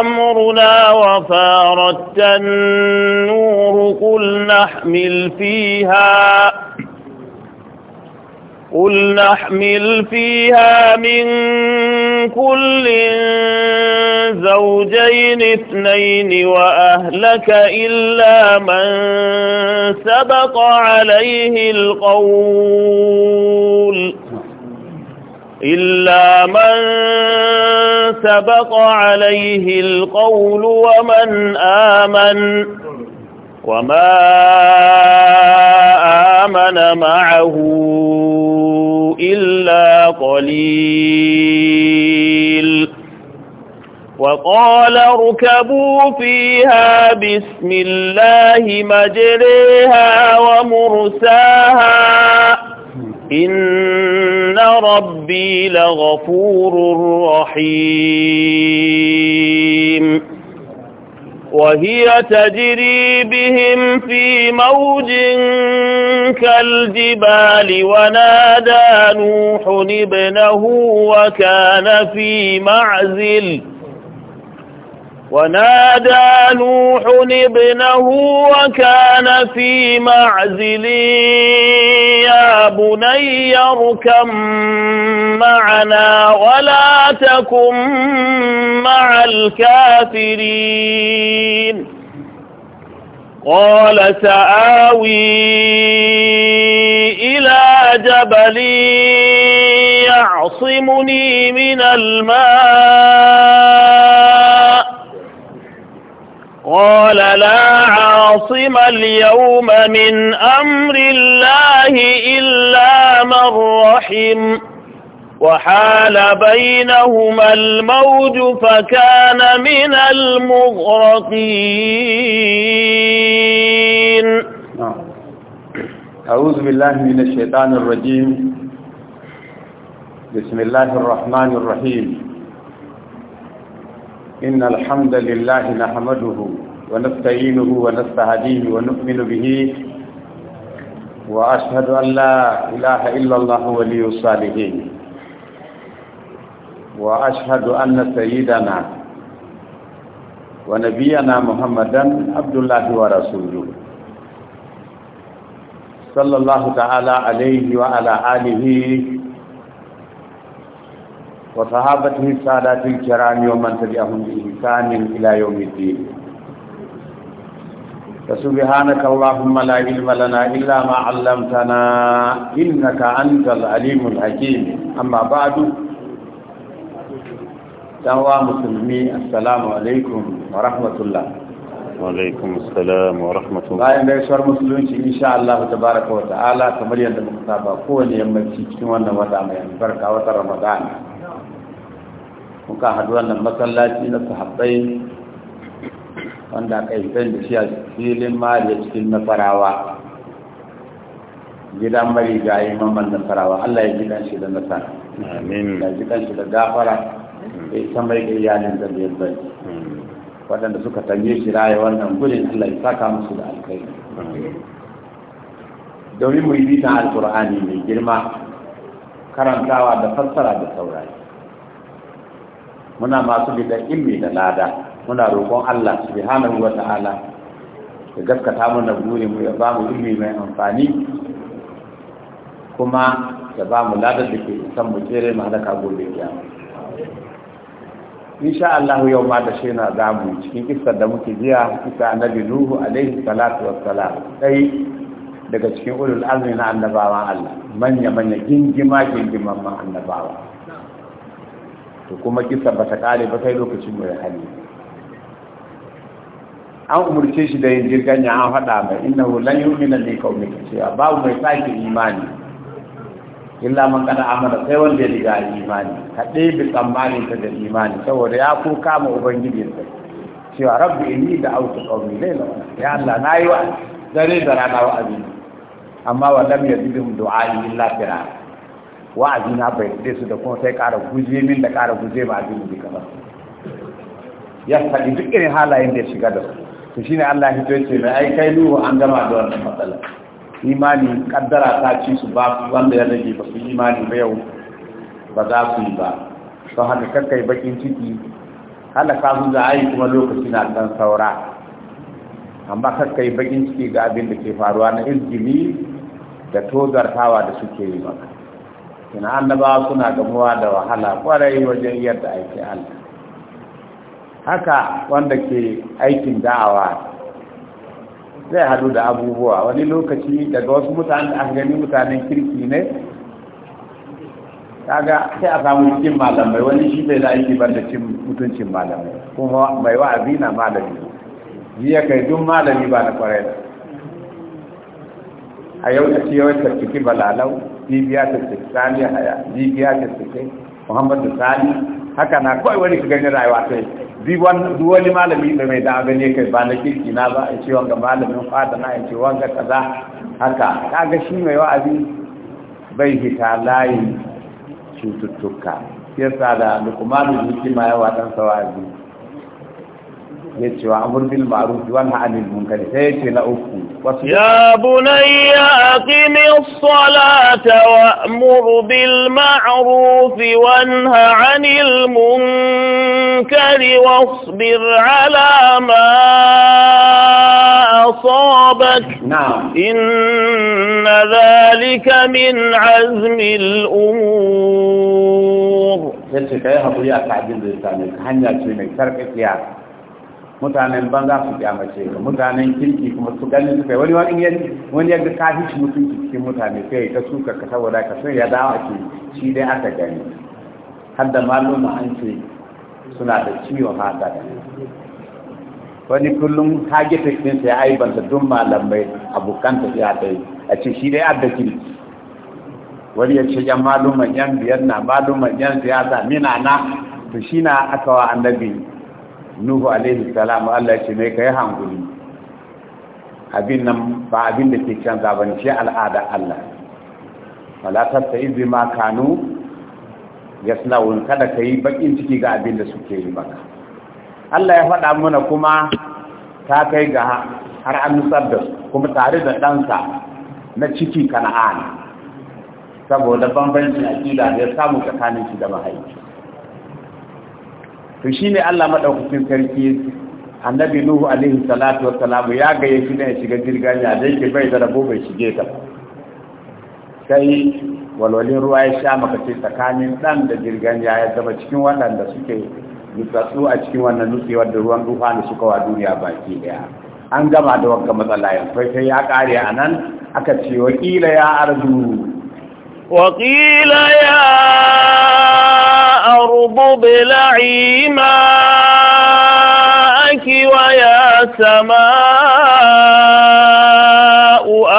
أمرنا وفارت النور قل نحمل فيها قل نحمل فيها من كل زوجين اثنين وأهلك إلا من سبق عليه القول إلا من سبق عليه القول ومن آمن وما آمن معه إلا قليل وقال اركبوا فيها بسم الله مجريها ومرساها إن ربي لغفور رحيم وهي تجري بهم في موج كالجبال ونادى نوح ابنه وكان في معزل ونادى نوح ابنه وكان في معزل يا بني اركم معنا ولا تكن مع الكافرين قال سآوي إلى جبل يعصمني من الماء قال لا عاصم اليوم من أمر الله إلا من رحم وحال بينهما الموج فكان من المغرقين أعوذ بالله من الشيطان الرجيم بسم الله الرحمن الرحيم إن الحمد لله نحمده ونستعينه ونستهديه ونؤمن به وأشهد أن لا إله إلا الله ولي الصالحين وأشهد أن سيدنا ونبينا محمدا عبد الله ورسوله صلى الله تعالى عليه وعلى آله وصحابته السادات الكرام ومن تبعهم بإحسان إلى يوم الدين فسبحانك اللهم لا علم لنا إلا ما علمتنا إنك أنت العليم الحكيم أما بعد تنوى مسلمي السلام عليكم ورحمة الله وعليكم السلام ورحمة الله bayan da yasar musulunci insha Allah tabaraka wa ta'ala kamar yadda muka saba kowane yammaci cikin wannan wata mai albarka watan Ramadan muka haɗu wannan masallaci na sahabbai wanda aka yi kan da shi a filin mariya cikin nasarawa gidan mari ga yi mamman nasarawa allah ya gidan shi da nasara ya gidan shi da gafara hmm. ya san mai ga da biyar bai hmm. waɗanda suka tanye shi raya wannan gudun allah ya saka musu da alkai domin mu yi bitan alkur'ani mai girma karantawa da fassara da saurari muna masu bidan ilmi da lada muna roƙon Allah subhanahu wa ta'ala ya gaskata mana burin mu ya ba mu ilimi mai amfani kuma ya ba mu ladar da ke san mu tsere mu halaka gobe ya insha Allah yau ma da shi na zamu cikin kissar da muke jiya kisa annabi Nuhu alaihi salatu wassalam dai daga cikin ulul azmi na annabawan Allah manya manya gingima gingiman annabawa to kuma kisa ta kare ba sai lokacin mu ya hali an umurce shi da yin jirganya an faɗa mai inna lan yu'mina li mai cewa babu mai sake imani illa man kada amana sai wanda ya riga imani ka ɗebe tsammanin ta da imani saboda ya ko kama ubangijin sa cewa rabbi yi da zai na wani ya Allah yi wa dare da rana wa azin amma wa lam du'a yi illa fira. wa'azi na bai su da kuma sai ƙara guje min da ƙara guje ba azin bi ya faɗi duk irin halayen da ya shiga da su to shine Allah ya ce da ai kai nuhu an gama da wannan matsala imani kaddara ta ci su ba wanda ya rage ba su imani ba yau ba za su yi ba to haka kakkai bakin ciki ka su za a yi kuma lokaci na dan saura amma kakkai bakin ciki ga abin da ke faruwa na izgili da tozartawa da suke yi ba. kina annabawa suna gamuwa da wahala kwarai wajen yadda aiki Allah haka wanda ke aikin da'awa zai hadu da abubuwa wani lokaci daga wasu mutane da gani mutanen kirki ne kaga sai a samu cikin malamai wani shi bai da aiki ban da cin mutuncin malamai kuma mai wa'azi na malami jiya kai dun malami ba na kwarai da a yau da ta ciki balalau bibiya ciki sani haya bibiya ciki muhammadu sani haka na kawai wani ka gani rayuwa ta yi duk wani malami da mai dan ne kai ba na kirki na ba a ce wanga malamin fada na a ce wanga kaza haka kaga shi mai wa'azi bai fita layin cututtuka yasa da lukumanu ma yawa dan sawazi يتوى بالمعروف وانها عن المنكر سيتي لأفو يا بني أقم الصلاة وأمر بالمعروف وانها عن المنكر واصبر على ما أصابك نعم إن ذلك من عزم الأمور يتوى يا أبو يا سعد الزيطاني هنجل سيمي سرق إفلياتك mutanen banza su kyamace ka mutanen kirki kuma su ganin su kai, wani wani wani yadda ka fi mutum mutunci cikin mutane sai ka suka ka saboda ka sun ya dawo ake shi dai aka gani har da maluma an ce suna da ciwon haka wani kullum hage tekin sai aibanta dun malamai abokan tafiya ɗaya a ce shi dai adda kirki wani ya ce yan maluman yan biyar na maluman yan siyasa mina na to shi na aka wa annabi nuhu alaihi salam Allah ya ce mai kai hankuli abin nan ba abin da ke canza ba al'ada Allah wala tatta izi ma kanu yasnaun kada ka yi bakin ciki ga abin da suke yi ba. Allah ya faɗa mana kuma ta kai ga har an nusar da su kuma tare da ɗansa na ciki kana'ana saboda a aƙida da ya samu tsakanin shi da mahaifi to shi ne Allah maɗaukacin sarki annabi nuhu alaihi salatu wa salamu ya gaye na ne shiga jirgin ya dai ke bai da rabo bai shige ta sai walwalin ruwa ya sha maka ce tsakanin dan da jirgin ya zama cikin waɗanda suke nutsatsu a cikin wannan nutsewar da ruwan duha da suka wa duniya baki daya an gama da wanka matsala yanzu sai ya kare a nan aka ce wakila ya arzu وقيل يا أرض ابلعي ماءك ويا سماء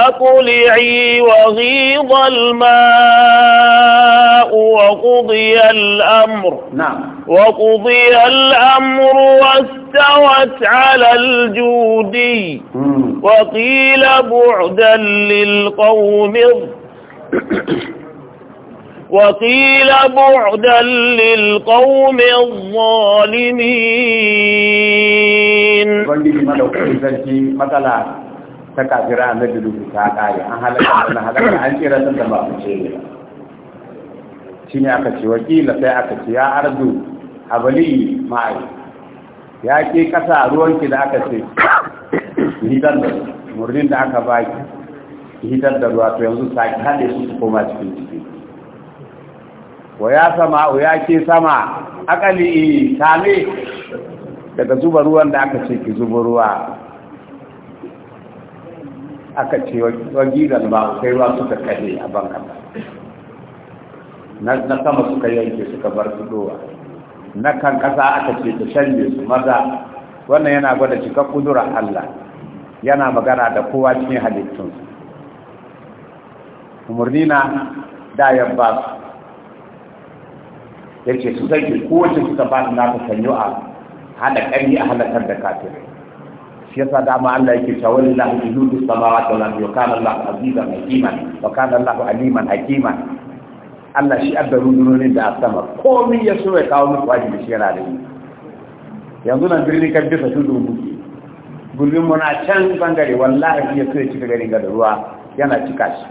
أقلعي وغيض الماء وقضي الأمر نعم وقضي الأمر واستوت على الجود وقيل بعدا للقوم الظالمين وقيل بعدا للقوم الظالمين ubangiji madaukakin sarki matsala ta kafira na dudu ta kare an halaka na halaka an tsira sun da ba ku ce shi wakila sai aka ce ya ardu abali ma'i ya ke da aka ce ni dan murnin da aka baki hitar da ruwa to yanzu sake hade su su koma cikin ciki wa ya sama Wa ya ke sama akali same daga zuba ruwan da aka ce ki zuba ruwa aka ce wa gidan ba kai ruwa suka kare a bankan na sama suka yanke suka bar dowa na kan kasa aka ce ta shanye su maza wannan yana gwada cika kudura Allah yana magana da kowa cikin halittunsu. umarni na da ba su ya ce su zai kowace suka ba su nata sanyo a hada ƙari a halakar da katin. shi yasa dama Allah yake cewa lillahi junudu samawati wal ardi wa kana aziza mai hakiman wa kana Allahu aliman hakiman Allah shi addaru dunonin da asama komai ya so ya kawo musu wajibi shi yana da yanzu nan birni kan bisa tudu muke gurbin muna can bangare wallahi ya so ya cika garin da ruwa yana cika shi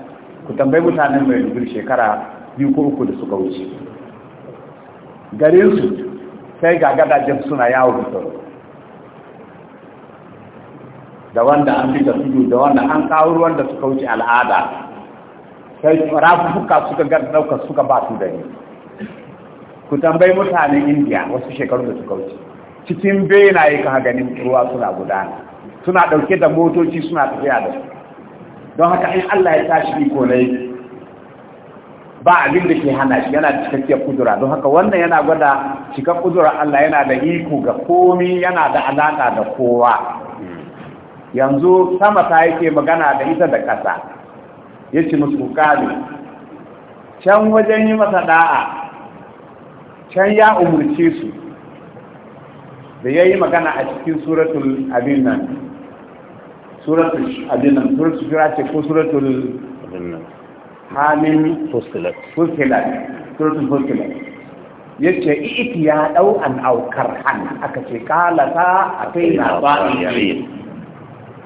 ku tambayi mutanen mai dubir shekara biyu ko uku da suka wuce garinsu sai ga gadajen suna yawon fito da wanda an fi da tudu da wanda an kawo ruwan da suka wuce al'ada sai rafuka suka dauka suka ba su dani ku tambayi mutanen indiya wasu shekaru da suka wuce cikin benaye ka ganin ruwa suna gudana suna ɗauke da motoci suna tafiya da su don haka in Allah ya tashi iko ne ba abin da ke hana shi yana da cikakkiyar kudura don haka wannan yana gwada cika kudura Allah yana da iko ga komi yana da alaka da kowa yanzu sama ta yake magana da ita da ƙasa ya ci musu kukali can wajen yi masa da'a can ya umurce su da ya yi magana a cikin suratul abin nan suratul adinan suratul ce ko suratul hamin fusilat suratul fusilat ce, iti ya dau an aukar han aka ce kala ta kai na ba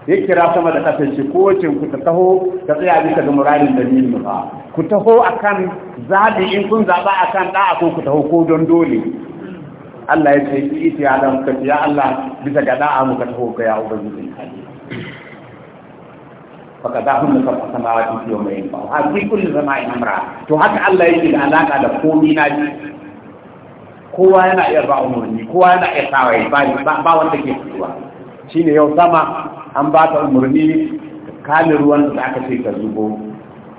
ya kira sama da kasar shi kowace ku ta taho ta tsaya bisa ga muradin da nini ba ku taho akan zaɓi in kun zaɓa akan ɗa'a ko ku taho ko don dole Allah ya ce ita ya dan ka ya Allah bisa ga da'a ka taho ga ya ubangiji فقداهن fi سماوات في يومين فأوحى في كل سماء أمرها تو To haka Allah العلاقة da komai na ji kowa yana iya ba umarni kowa yana iya tawaye ba ba wanda ke fitowa shine yau sama an ba ta umarni kalin ruwan da aka ce ka zubo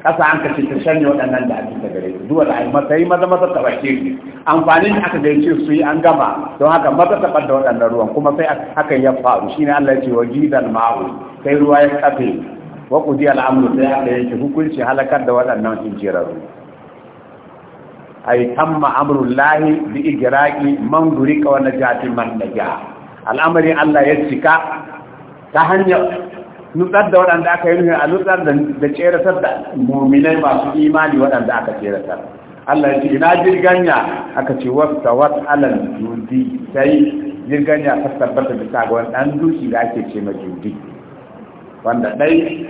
ƙasa an kace ta shanye waɗannan da ake gare su duwa da mata yi maza maza tabace su amfanin aka gaice su yi an gama don haka maza ta da waɗannan ruwan kuma sai hakan ya faru shine Allah ya ce wa gidan ma'u sai ruwa ya kafe wa kudi al'amru sai aka yake hukunci halakar da waɗannan injiraru ay tamma lahi da igiraki man ka wani jati man ya al'amari Allah ya cika ta hanyar nutsar da waɗanda aka yi nuna a nutsar da tseratar da muminai masu imani waɗanda aka tseratar Allah ya ce ina jirganya aka ce wasta wasu alal judi sai jirganya ta tabbata bisa ga wani ɗan duki da ake ce ma judi wanda dai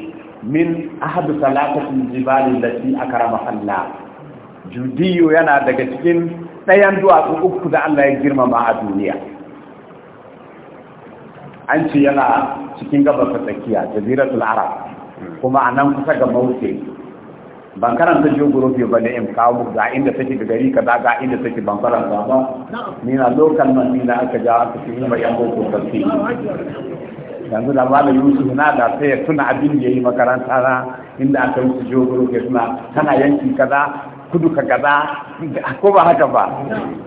min ahadu salatatin jibalin da shi aka rama Allah judiyo yana daga cikin ɗayan duwatsu uku da Allah ya girmama a duniya an ce yana cikin gabas ta tsakiya jaziratul arab kuma a nan kusa ga mauke ban karanta geography ba ne in kawo ga inda take da gari kaza ga inda take ban karanta ba ni na local man ni na aka ja aka cikin bayan boko yanzu da malam yusuf na da sai ya tuna abin da ya yi makaranta na inda aka yi su jogoro ke suna tana yanki kaza kudu ka kaza ko ba haka ba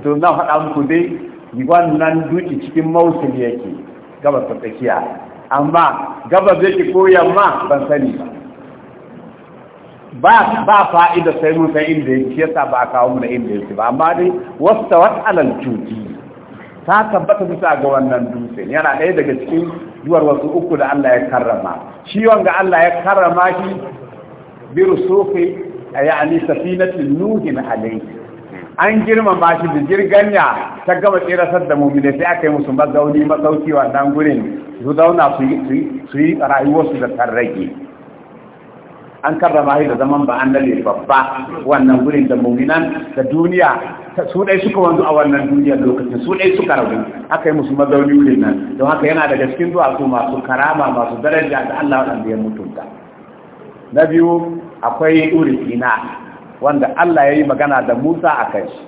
to na faɗa muku dai wannan duki cikin mausul yake gaba ta tsakiya amma gabas ki ko yamma ban sani ba ba fa'ida sai mun san inda yake yasa ba a kawo mu na inda yake ba amma dai wasta wat alal juti ta tabbata bisa ga wannan dutse yana ɗaya daga cikin zuwar wasu uku da Allah ya karrama shi wanga Allah ya karrama shi bi rusufi yani Nuhi nuhin alayhi an girmama shi da jirganya ta gama tsirasar da mummina sai aka yi musu mazauni masauki wannan gurin su zauna su yi rayuwarsu da tarrage an karrama shi da zaman ba an babba wannan gurin da muminan da duniya su dai suka wanzu a wannan duniya lokacin su dai suka rabu aka yi musu mazauni wurin nan don haka yana daga cikin zuwa su masu karama masu daraja da Allah wanda ya mutunta na biyu akwai urifina wanda Allah ya yi magana da Musa a kai shi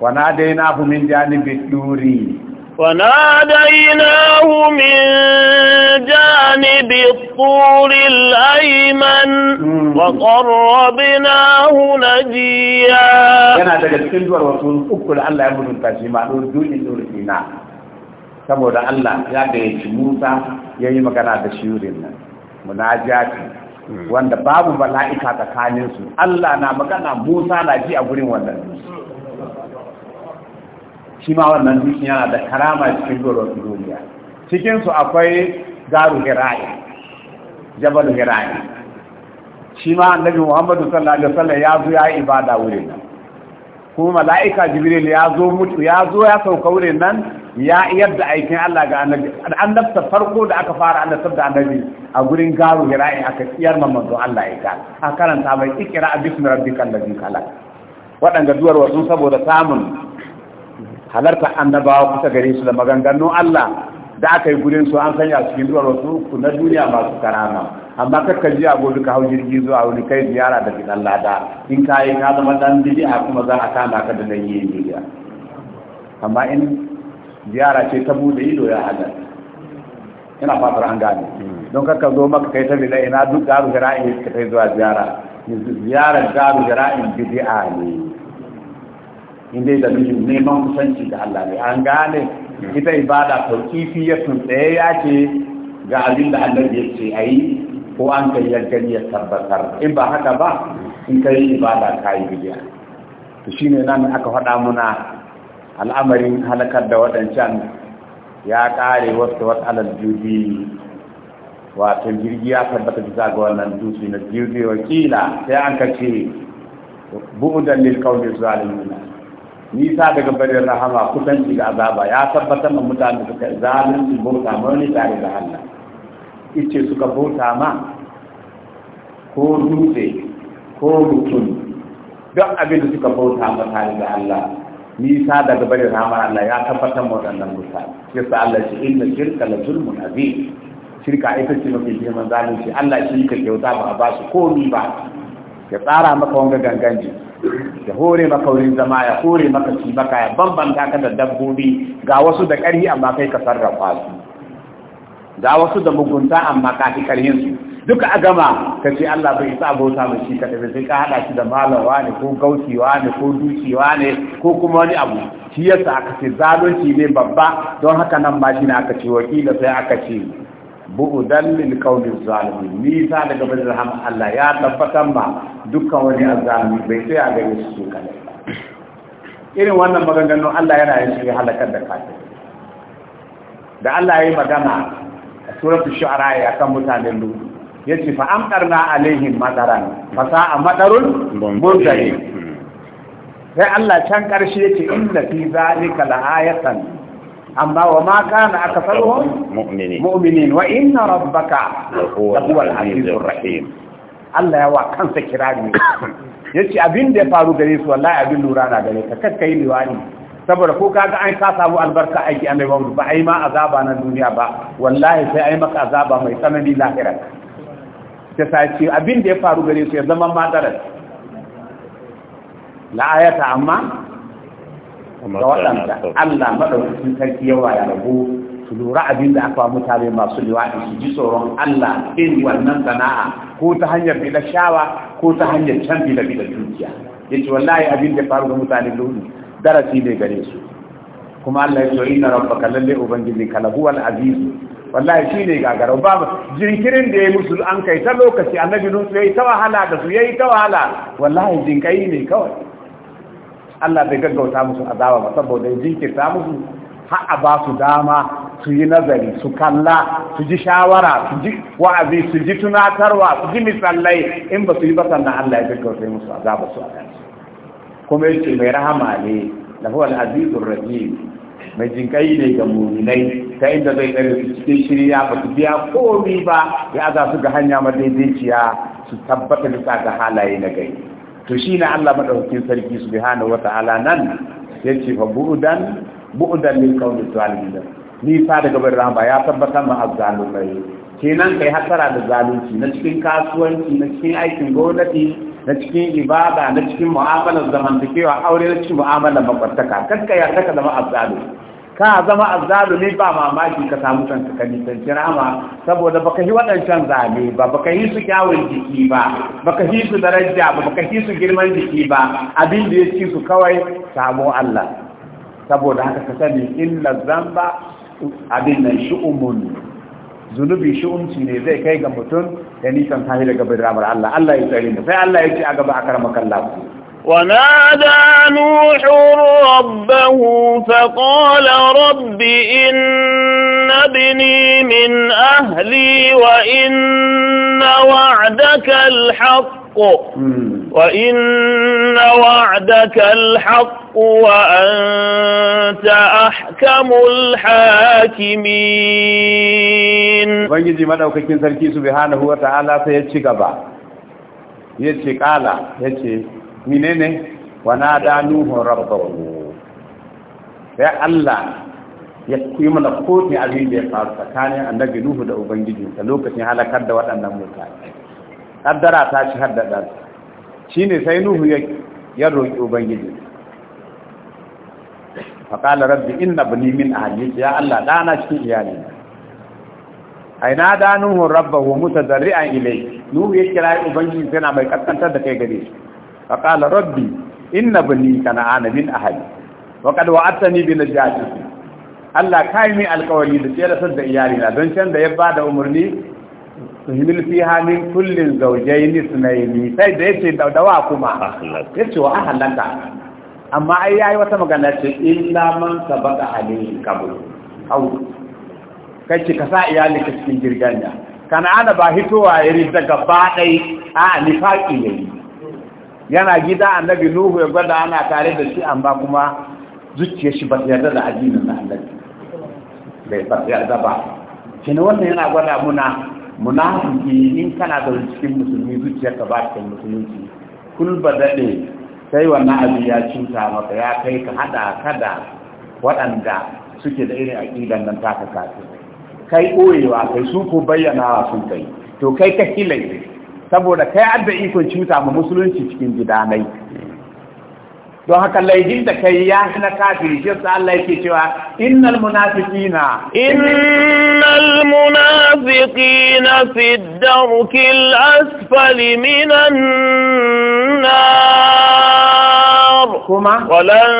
wana dai na min janibi duri وناديناه من جانب الطور الأيمن وقربناه نجيا yana daga cikin duwar wasu da Allah ya mutunta shi ma don duni sina saboda Allah ya gayyaci Musa ya yi magana da shirin nan munajati mm. wanda babu bala'ika tsakaninsu Allah na magana Musa na ji a gurin wannan shi ma wannan dutsen yana da karama cikin doron duniya cikinsu akwai garu hira'i jabal hira'i shi ma annabi muhammadu sallallahu alaihi wasallam ya zo ya yi ibada wurin nan kuma mala'ika jibril ya zo mutu ya zo ya sauka wurin nan ya yadda aikin Allah ga annabi nafsa farko da aka fara nafsa da annabi a gurin garu hira'i aka tsiyar manzo Allah ya ga a karanta mai a bismi rabbikal ladhi khalaq wadanga duwar wasu saboda samun halarta annabawa kusa gare su da maganganun Allah da aka yi gudun su an sanya cikin duwar wasu ku na duniya masu karama amma kakka ji abu duka hau jirgi zuwa wani kai ziyara da fitan lada in ka yi ka zama dan bidi'a kuma za a kama ka da nan yin bidi'a amma in ziyara ce ta bude ido ya hada ina fatar an gane don kakka zo maka kai ta bila ina duk garu jara'in ka kai zuwa ziyara ziyara garu jara'in bidi'a ne in dai da neman kusanci da Allah ne an gane ita ibada kifi ya tsaye ya ce ga abin da Allah ya ce a yi ko an kai yankan ya tabbatar in ba haka ba in kai ibada ka yi bidiya to shine nan aka faɗa muna al'amarin halakar da waɗancan ya ƙare wasu wasu alal jubi wato jirgi ya tabbata da ga wannan dutse na jirgi wakila sai an ka ce bu'udan lil qawli zalimin nisa daga barin rahama kusanci da azaba ya tabbatar ma mutane suka su bauta mani tare da Allah ice suka bauta ma ko dutse ko rukun duk abin da suka bauta ma tare da Allah nisa daga barin rahama Allah ya tabbatar ma waɗannan mutane yasa Allah shi inna shirka la zulmun azim shirka ita ce mafi girman zalunci Allah shi ke kyauta ba a ba su komi ba ya tsara maka wanga ganganci ya hore maka wurin zama ya hore maka ci maka ya bambanta ka da dabbobi ga wasu da ƙarfi amma kai ka sarrafa su ga wasu da mugunta amma ka fi ƙarhin su duka a gama ka ce Allah bai isa abota mai shi ka tafi sai ka haɗa shi da malawa ne ko gaucewa ne ko dukiwa ne ko kuma wani abu shi yasa aka ce zalunci ne babba don haka nan ma shi ne aka ce wakila sai aka ce bu'udan lil qawli zalimin nisa daga bazar rahama Allah ya tabbatar ma dukkan wani azzalimi bai sai a gare su kale irin wannan maganganun Allah yana yin shi halakar da kafir da Allah ya yi magana a suratul shu'ara ya kan mutanen lutu yace fa amtarna alaihim madaran fasa a madarul munzari sai Allah can karshe yace inna fi zalika la'ayatan amma wa ma kana akasaruhum mu'minin mu'minin wa inna rabbaka lahuwal azizur rahim Allah ya wa kansa kirari yace abin da ya faru gare su wallahi abin lura na gare ka kakkai liwani saboda ko kaga an ka samu albarka aiki annabi Muhammad ba ai ma azaba na duniya ba wallahi sai ai maka azaba mai tsanani lahira ta sace abin da ya faru gare su ya zama madarar la ayata amma ga waɗanda Allah maɗaukakin sarki yawa ya rabu su lura abin da aka mutane masu liwaɗi su ji tsoron Allah in wannan sana'a ko ta hanyar bi shawa ko ta hanyar can bi da bi da dukiya ce wallahi abin da faru ga mutane lulu darasi ne gare su kuma Allah ya ce inna rabbaka lalle ubangiji kala huwal aziz wallahi shine gagarau ba jinkirin da ya musu an kai ta lokaci annabi nusu yi ta wahala da su ya yi ta wahala wallahi jinkai ne kawai Allah bai gaggauta musu azaba ba saboda jinkirta musu har a ba su dama su yi nazari su kalla su ji shawara su ji wa'azi su ji tunatarwa su ji misalai in ba su yi ba sannan Allah ya gaggauta musu azaba su a kansu kuma yace mai rahama ne lahu al-azizur rahim mai jinkai ne ga muminai ta inda zai tsare su cikin shirya ba su biya komi ba ya aza su ga hanya madaidaiciya su tabbata bisa ga halaye na gari to shi na Allah madaukakin sarki subhanahu wata'ala nan yace fa bu'dan bu'dan lil qawmi zalimin ni fa daga bar rahama ya tabbata ma nan kenan kai hasara da zalunci na cikin kasuwanci na cikin aikin gwamnati na cikin ibada na cikin mu'amalar zamantakewa aure na cikin mu'amalar makwataka kakka ya saka zama azzalumi ka zama azzaruni ba mamaki ka samu kanka ka nisanci rama saboda baka yi waɗancan zane ba baka yi su kyawun jiki ba baka yi su daraja ba baka yi su girman jiki ba abin da ya ci su kawai samu Allah saboda haka ka sani illa zamba abin nan shi'umun zunubi shi'umci ne zai kai ga mutum ya nisan tahi daga bin ramar Allah Allah ya tsari da sai Allah ya ce a gaba a karamakan lafiya ونادى نوح ربه فقال رب إن ابني من أهلي وإن وعدك الحق وإن وعدك الحق وأنت أحكم الحاكمين وانجي مدوككين سركي سبحانه وتعالى سيتشي قبع يتشي قال يتشي wa na da nuhu rabbahu sai Allah ya kuyi mana kotun abin da ya faru tsakanin annabi nuhu da Ubangiji ta lokacin halakar da waɗannan mutane kaddara ta ci har da ɗan shi ne sai nuhu ya roƙi ubangiji faƙalar rabbi inna bani min ahli ya Allah ɗana cikin iyalina aina da nuhu rabbahu an ilai nuhu ya kira ubangiji yana mai kaskantar da kai gare shi fa qala rabbi inna bani kana'ana min ahli wa qad wa'adtani bi Allah kai mi alƙawari da tsere da iyali na don can da ya da umarni tuhimil fiha min kullin zawjayn ithnayn sai da yace dawa kuma ce wa ahlaka amma ai yayi wata magana ce illa man sabaqa alayhi kabul au kai ce ka sa iyali ka cikin girganya kana ana ba hitowa yari daga ba dai a nifaqi yayi yana gida a Nabi nuhu ya gwada ana tare da shi amma kuma zuciya shi ba yarda da addinin na annabi bai ba yarda ba kina wannan yana gwada muna munafiki in kana da cikin musulmi ka ba ta musulunci kul ba dade sai wannan abu ya cuta maka ya kai ka hada kada waɗanda suke da irin aƙidan nan taka kafin kai ɓoyewa kai su ko bayyanawa sun kai to kai ka hilai saboda kai adda ikon cuta ma musulunci cikin gida nai don haka laifin da kai ya na kafiri shi sa Allah yake cewa innal munafiqina innal munafiqina fi darkil asfali minan nar kuma walan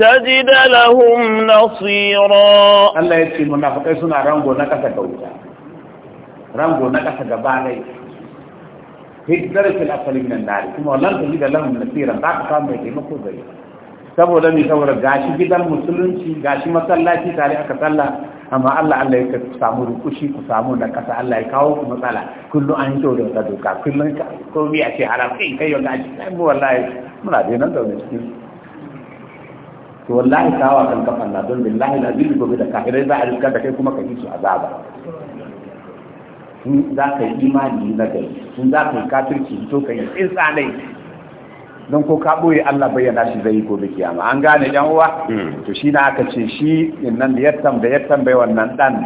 tajid lahum nasira Allah yake munafiqai suna rango na kasa kauta rango na kasa gaba ne fi darfil asfali min an kuma lan da lahum nasira za ka samu mai ko gare saboda ni saboda gashi gidan musulunci gashi masallaci tare aka sallah amma Allah Allah ya samu rukushi ku samu da kasa Allah ya kawo ku matsala kullum an to da doka kullum ko bi a ce haram kai kai yo gashi sai mu wallahi muna da nan da wani cikin to wallahi kawa kan kafan na don billahi lazim gobe da kafirai za a riska da kai kuma ka yi su azaba sun za ka yi imani na gari in za ka yi kafirci to ka yi tsanai don ko ka ɓoye Allah bayyana shi zai yi gobe kiyama an gane yan uwa hmm. to shi na aka ce shi nan da yattan, da yattan bai wannan dan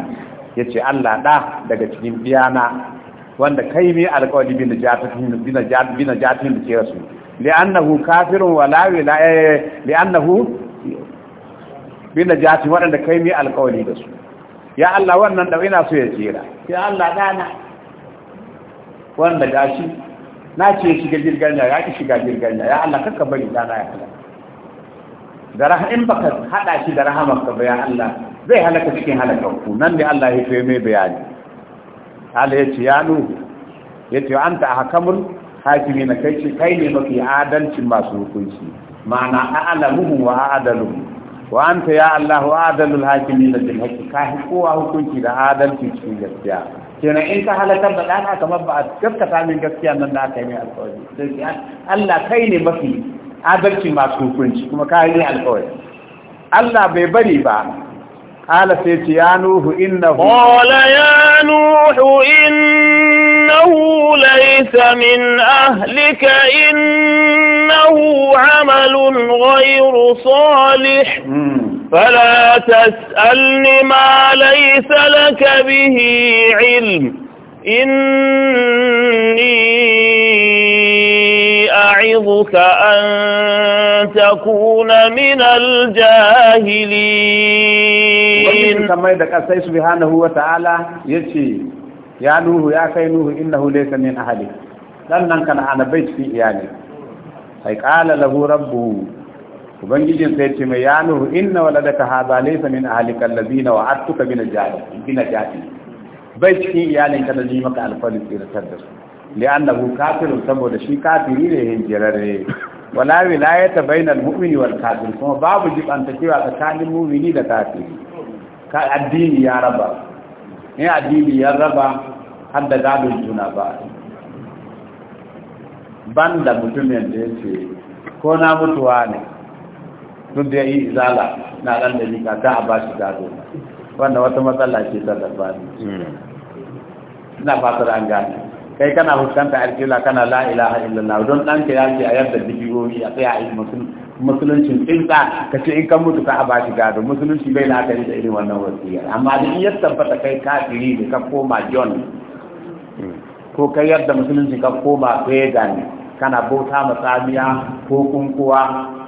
ya ce Allah da daga cikin biyana wanda kai mai alkawali bin jatin jatin da ke rasu li'annahu kafirun wala wala eh, li'annahu jatin waɗanda kai mai alkawali da su ya Allah wannan da ina so ya tsira ya Allah dana wanda gashi na ce shiga jirgin ya ki shiga jirgin ya Allah kakka bari dana ya halaka da raha in baka hada shi da rahamar ka ya Allah zai halaka cikin halakarku nan ne Allah ya fiye mai bayani Allah ya ce ya nuhu ya ce an ta hakamul hakimi na kai ce kai ne mafi adalcin masu hukunci ma'ana a'alamuhu wa a'adaluhu wa anta ya Allah wa adalul hakimin bil haqqi ka kowa hukunci da adalci cikin gaskiya kenan in ka halakar da dana kamar ba a gaskata min gaskiya nan da aka yi alƙawari Allah kai ne mafi adalci masu hukunci kuma ka yi alƙawari Allah bai bari ba qala sai ya nuhu innahu إنه ليس من أهلك إنه عمل غير صالح فلا تسألني ما ليس لك به علم إني أعظك أن تكون من الجاهلين سبحانه وتعالى يتشي ya nuhu ya kai nuhu innahu laysa min ahli dan nan kana ana bai cikin iyali sai qala lahu rabbu ubangijin sai ce mai ya nuhu inna waladaka hadha laysa min ahlika alladhina wa atuka min bin najati bai cikin iyalin ka da ji maka alfalu sir da su li'annahu kafirun saboda shi kafiri ne hinjirarre wala wilayata bainal mu'mini wal kafir kuma babu jibanta cewa tsakanin mu'mini da kafiri ka addini ya raba Ni addini ya raba har da gadon juna ba ban da mutumin da ya ko na mutuwa ne duk da yi izala na ɗan da nika ta a ba shi gado wanda wata matsala ce ta dabari ina fatar an gane kai kana fuskanta alƙila kana la ilaha illallah don ɗanka ke yaki a yadda bidiyoyi a tsaye a yi mutum musuluncin tsinta ka ce in kan mutu ka a bashi gado musulunci bai la'akari da irin wannan wasiyar amma da in tabbata kai kafiri da ka koma john ko kai yadda musulunci ka koma pagan kana bauta matsamiya ko kunkuwa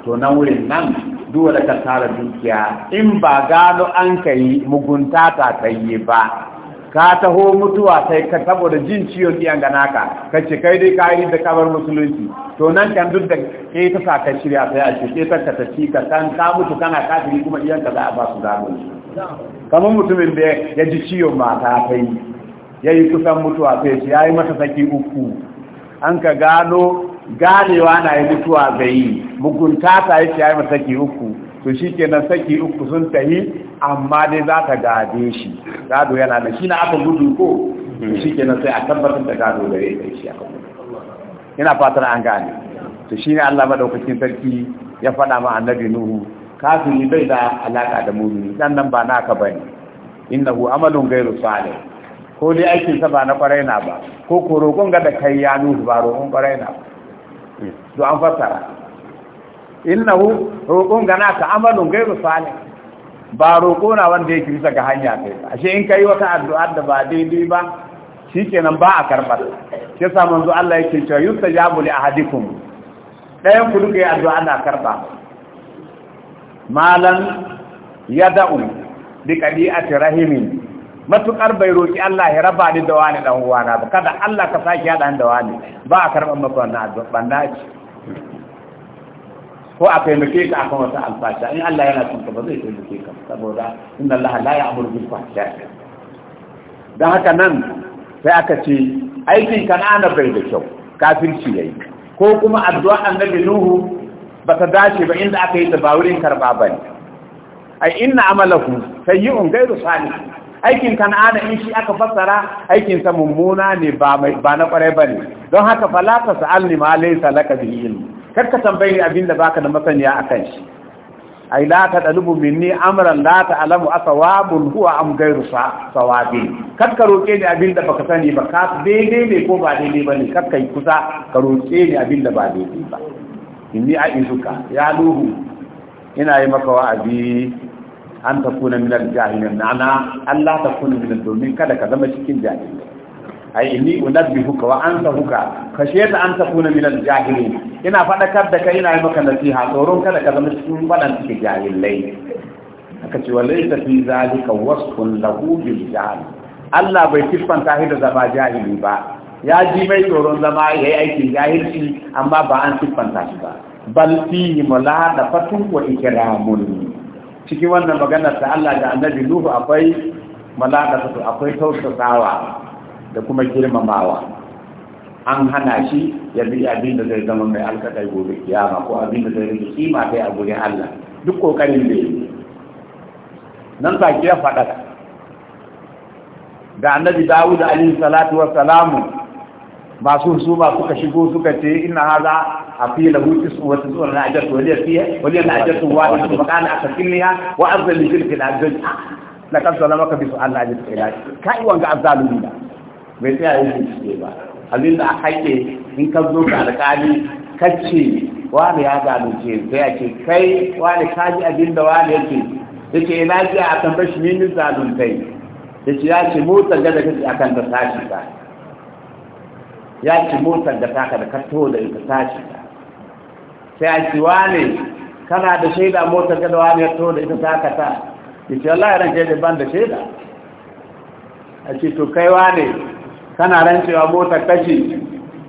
to nan wurin nan duk da ka tara dukiya in ba gano an kai mugunta ta kai ba ka taho mutuwa sai ka saboda jin ciwon ɗiyan ga naka ka ce kai dai ka yi da kabar musulunci to nan kan duk da ke ta sa ka shirya sai a ce ke ta ka tafi ka san ka mutu kana kafiri kuma iya ka za a ba su zamani kamar mutumin da ya ji ciwon mata ta yi ya yi kusan mutuwa sai ya yi masa saki uku an ka gano ganewa na yi mutuwa zai yi mugunta ta yi ya yi masa saki uku to shi kenan saki uku sun tahi amma dai za ta gade shi gado yana da shi na aka gudu ko shi ke na sai a tabbatar da gado da ya kai shi aka gudu ina fatan an gane to shi ne Allah madaukakin sarki ya faɗa ma annabi nuhu kafiri bai da alaka da muni. dan nan ba naka inda hu amalin gairu salih ko dai aikin sa ba na kwarai na ba ko ko roƙon ga da kai ya nuhu ba roƙon kwarai na ba to an fassara innahu roƙon ga naka amalin gairu salih ba roƙo na wanda yake bisa ga hanya kai ashe in kai wata addu'a da ba daidai ba shikenan ba a karɓar shi yasa manzo Allah yake cewa yustajabu li ahadikum dayan ku duka yi addu'a da karɓa malan yada'u bi qadi'ati rahimin matukar bai roki Allah ya raba ni da wani dan uwana ba kada Allah ka saki ya dan da wani ba a karɓar maka wannan addu'a banda ko a taimake ka akan wata alfasha in Allah yana son ka ba zai taimake ka saboda inna Allah la ya'muru bil fahsha dan haka nan sai aka ce aikin kan'ana bai da kyau kafirci yayi ko kuma addu'a annabi nuhu ba ta dace ba inda aka yi ta ba wurin karba ba ne ai inna amalahu sayyi'un ghairu salih aikin kan'ana in shi aka fassara aikin sa mummuna ne ba ba na kwarai bane don haka fala tasalni ma laysa laka bihi ilm karka tambayi abin da baka da masaniya akan shi ai la ta dalubu minni amran la ta alamu asawabun huwa am ghayru sawabi karka roke ni abin da baka sani ba ka daidai ne ko ba daidai bane karka yi kusa ka roke ni abin da ba daidai ba inni a izuka ya luhu ina yi maka wa'azi an takuna min al-jahilin ana Allah kuna min domin kada ka zama cikin jahilin ai inni unabbihuka wa ansahuka ta an takuna min al-jahilin ina fadakar da kai ina yi maka nasiha tsoron kada ka zama cikin wadan cikin jahilai aka ce wa laysa fi zalika wasfun lahu bil jahil Allah bai siffanta shi da zama jahili ba ya ji mai tsoron zama yayi aikin jahilci amma ba an siffanta shi ba bal da fatun wa ikramun cikin wannan maganar ta Allah da Annabi Nuhu akwai da malakatu akwai tausasawa da kuma girmamawa an hana shi ya bi abin da zai zama mai alkatar gobe kiyama ko abin da zai rage kima kai a gurin Allah duk kokarin da yi nan ba ke faɗa ga annabi Dawud alaihi salatu wa salamu ba su su ba suka shigo suka ce inna hadha afila hutis wa tsuwar ah, na ajat wa liya fiya wa liya na ajat su in makana akatilniya wa azza li fil ajat la kan salama ka bi su Allah ajat ila kai wa ga azzalumina bai tsaya yi cike ba abin da haƙe in ka zo ka alƙali kacce wani ya ce, sai a ce kai wani ka ji abin da wani yake yake ina ji a kan bashi mini kai ya ce ya ce motar da da kake a kan ta tashi ka ya ce motar da taka da kato da ita tashi ka sai a ce wani kana da shaida motar da wani ya to da ita taka ta ya ce Allah ya ranke da ban da shaida a ce to kai wani kana rancewa motar kashi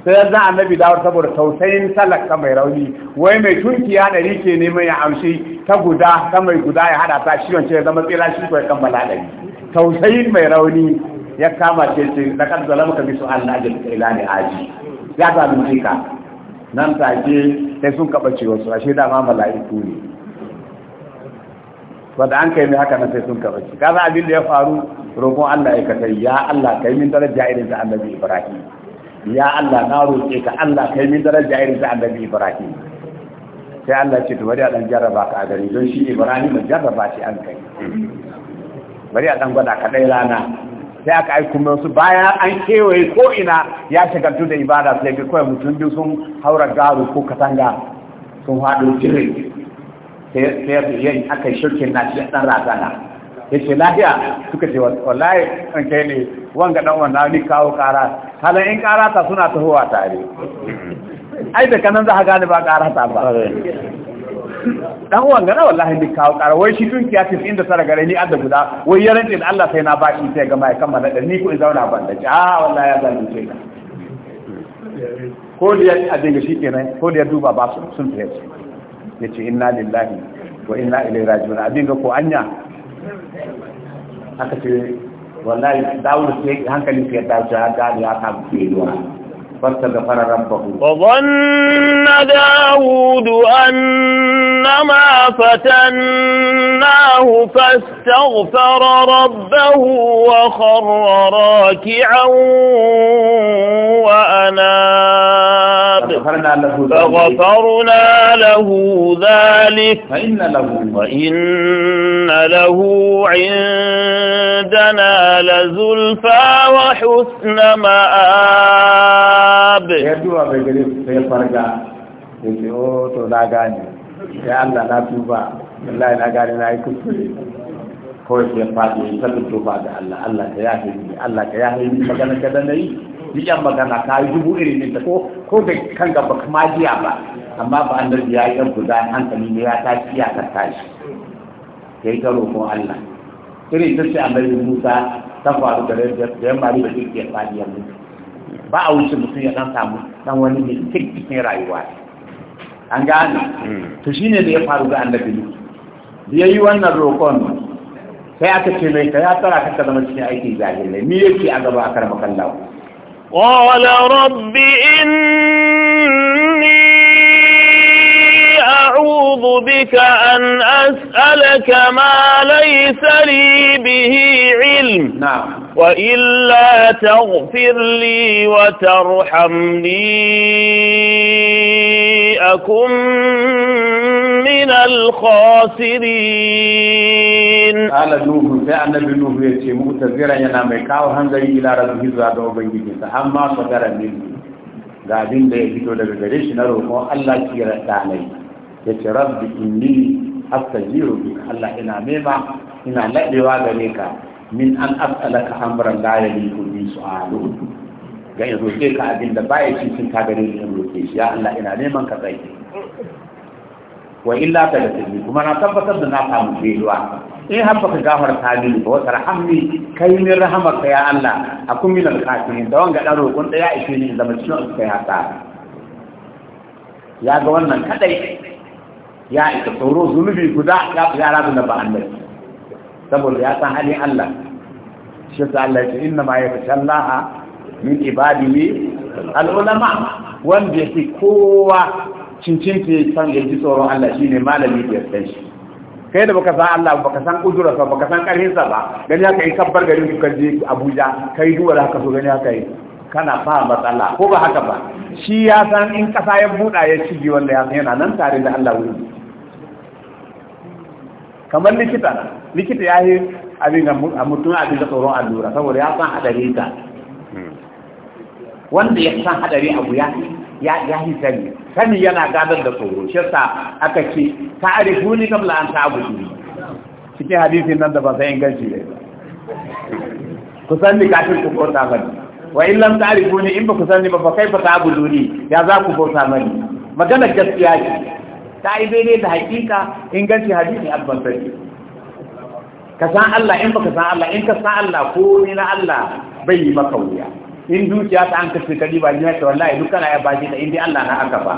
sai yanzu annabi dawar saboda tausayin talaka mai rauni wai mai tunkiya ɗari ke ne mai amshi ta guda ta mai guda ya hada ta shi wance zama tsira shi tausayin mai rauni ya kama ce ce da kan zalama ka bisu allah da ila ne aji ya zalunci ka nan take sai sun kaba ce wasu ashe dama mala'iku ne wanda an kai mai haka na sai sun karɓa shi kaza abin da ya faru roƙon Allah ya kasai ya Allah kai min daraja irin ta annabi Ibrahim ya Allah na roƙe ka Allah kai min daraja irin ta annabi Ibrahim sai Allah ce to bari a dan jarraba ka a gari don shi Ibrahim jarraba shi an kai bari a dan gwada ka dai rana sai aka aiko mai wasu baya an kewaye ko ina ya shagaltu da ibada sai ga kawai mutum biyu sun haura garu ko katanga sun haɗu jirin sai yan aka yi shirkin na shi ɗan razana ya ce lahiya suka ce wallahi an kai ne wanga ɗan wanda ni kawo ƙara halin in ƙara ta suna tahowa tare ai da kanan za a gane ba ƙara ta ba dan uwan gana wallahi duk kawo ƙara wai shi tun ya tafi inda sara gare ni adda guda wai ya rantse da Allah sai na bashi sai gama ya kammala da ni ko in zauna ban da ci a wallahi ya zalunce ka ko da ya adinga shi kenan ko da ya duba ba sun sun tafi ya ce inna lillahi ko inna ilai rajiun abin ga ko anya aka ce wallahi dawo dawud sai hankalin sai ya dace ya gane ya kafa kewa وظن داود أنما فتناه فاستغفر ربه وخر راكعا وأناب فغفرنا له ذلك فإن وإن له عندنا لزلفى وحسن مآب الباب يا دوبا بغري sai farga to na gane Allah na wallahi na gane yi Allah ka magana nayi yan magana ka yi dubu irin ta ko kuma ba amma ba an ya yi guda hankali ne ya tashi ya ka tashi ya yi karo ko Allah ta ce yi Musa ta faru da yamma ba a wuce mutum ya dan samu dan wani ne tik cikin rayuwa an gane to shine da ya faru ga annabi Lut da yayi wannan roƙon sai aka ce mai ka ya tsara ka zama cikin aiki jahilai ni yake a gaba akar makallahu قال رب إني أعوذ بك أن أسألك ما ليس لي به علم نعم وإلا تغفر لي وترحمني أكم من الخاسرين قال نوح في النبي نوح يا نامي كاو هانغي الى رب هيزا دو بنجي اما فكر من غادين دي جيتو دغ غريش نارو الله كي رداني يتي رب اني استجير بك الله انا ميما انا لا ديوا min an as'alaka amran la yaliku bi su'alu ga yanzu roke ka abin da baya cikin ka gare ni in roke shi ya Allah ina neman ka tsaye wa illa ka tafi kuma na tabbatar da na samu baiwa in har baka ta mini ba wata rahamni kai min ka ya Allah a kun min alkafirin da wanga dan roƙon da ya ishe ni zama cikin kai hasa ya ga wannan kadai ya ita tsoro zunubi guda ya fi yara da ba annabi saboda ya san halin Allah shi sa Allah ya inna ma yatashallaha min ibadihi al-ulama wanda yake kowa cincinta ya san ji tsoron Allah ne malami da san shi kai da baka san Allah baka san sa, baka san sa ba gani haka yi kabbar garin ka je Abuja kai duwar haka so gani haka yi kana fa matsala ko ba haka ba shi ya san in kasa ya buɗa ya shige wanda ya san yana nan tare da Allah wuri kamar likita na likita ya yi abin a mutum abin da tsoron allura saboda ya san hadari ta wanda ya san hadari abu ya ya yi sani sani yana gadar da tsoro shi sa aka ce ta arifu ni kam la'an ta abu shi cikin hadisi nan da ba sai inganci ne ku san ni kafin ku bauta mani wa in lam arifu ni in ba ku san ni ba fa abu ta'buduni ya za ku bauta mani magana gaskiya ce ta yi bene da hakika inganci hadisi abban sani ka san Allah in baka san Allah in ka san Allah ko ni na Allah bai yi maka wuya in dukiya ta an ce kadi ba ni ta wallahi duk kana ya baje ta indai Allah na aka ba